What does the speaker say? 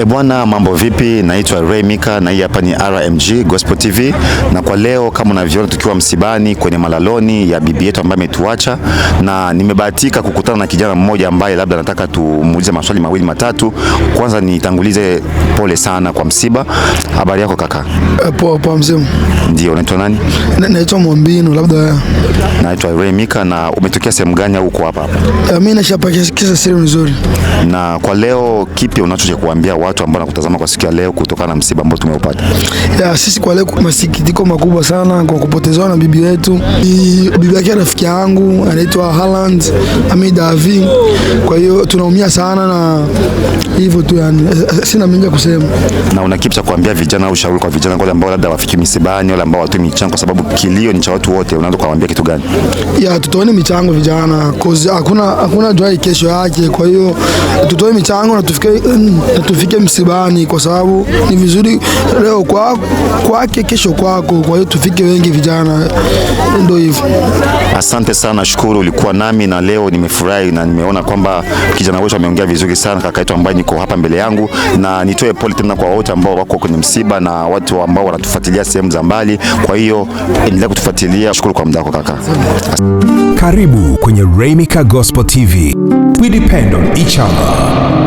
E bwana, mambo vipi? Naitwa Ray Mika na hii hapa ni RMG Gospel TV, na kwa leo kama unavyoona tukiwa msibani kwenye malaloni ya bibi yetu ambaye ametuacha, na nimebahatika kukutana na kijana mmoja ambaye labda nataka tumuulize maswali mawili matatu. Kwanza nitangulize pole sana kwa msiba. Habari yako kaka? Eh, poa poa mzimu. Ndio, unaitwa nani? Naitwa Mwambino. Labda naitwa Ray Mika. Na umetokea sehemu gani au uko hapa hapa? Eh, mimi nashapakia kisa siri nzuri. Na kwa leo kipi unacho kuambia watu ambao nakutazama kwa siku ya leo kutokana na msiba ambao tumeupata? Ya, sisi kwa leo masikitiko makubwa sana kwa kupotezewa na bibi yetu. Bibi yake rafiki yangu anaitwa haland Hamid Avi. Kwa hiyo tunaumia sana na hivyo tu, yani eh, eh, sina mengi ya kusema. Na una kipi cha kuambia vijana au ushauri kwa vijana wale ambao labda wafiki misibani, wale ambao watu michango, kwa sababu kilio ni cha watu wote, unaanza kuwaambia kitu gani? Ya tutoeni michango vijana, cause hakuna hakuna jua kesho yake. Kwa hiyo tutoe michango na tufike mm, na tufike msibani, kwa sababu ni vizuri leo kwa kwake, kesho kwako. Kwa hiyo tufike wengi vijana, ndio hivyo. Asante sana, shukuru ulikuwa nami na leo nimefurahi na nimeona kwamba kijana wetu ameongea vizuri sana, kaka yetu ambaye ni niko hapa mbele yangu, na nitoe pole tena kwa wote ambao wako kwenye msiba na watu ambao wanatufuatilia sehemu za mbali. Kwa hiyo endelea kutufuatilia. Shukuru kwa muda wako kaka. Karibu kwenye Remika Gospel TV. We depend on each other.